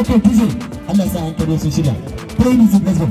Okay, Tizi. Allah sa hankali wasu shida. Play music, let's go.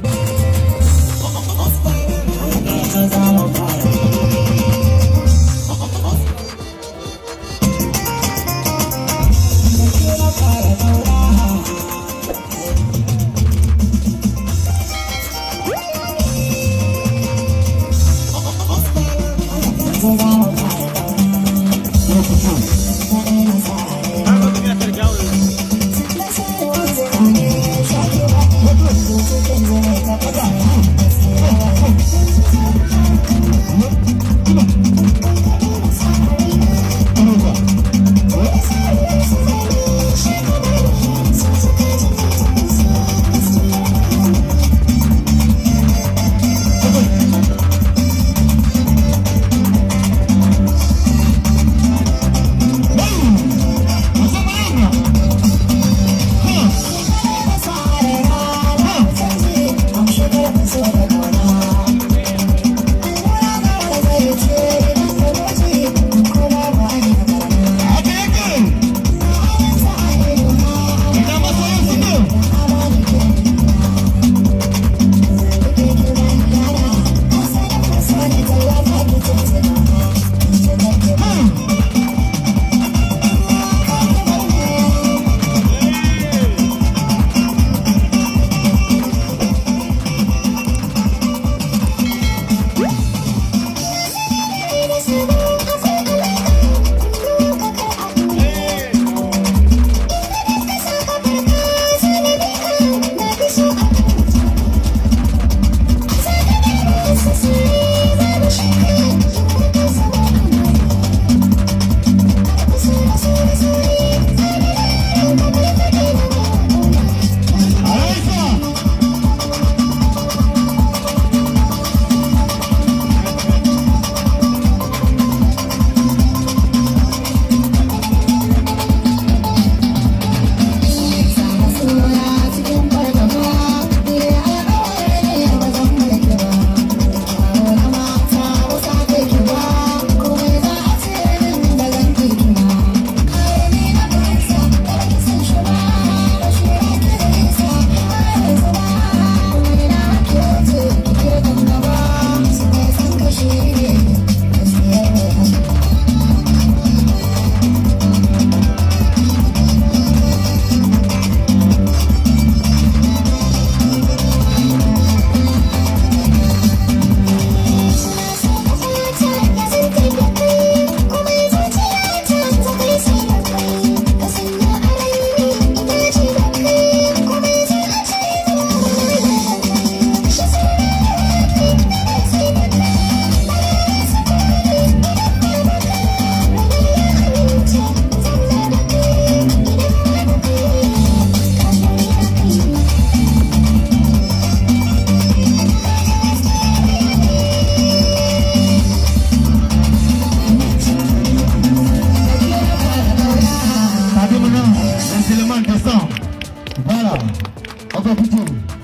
of everything.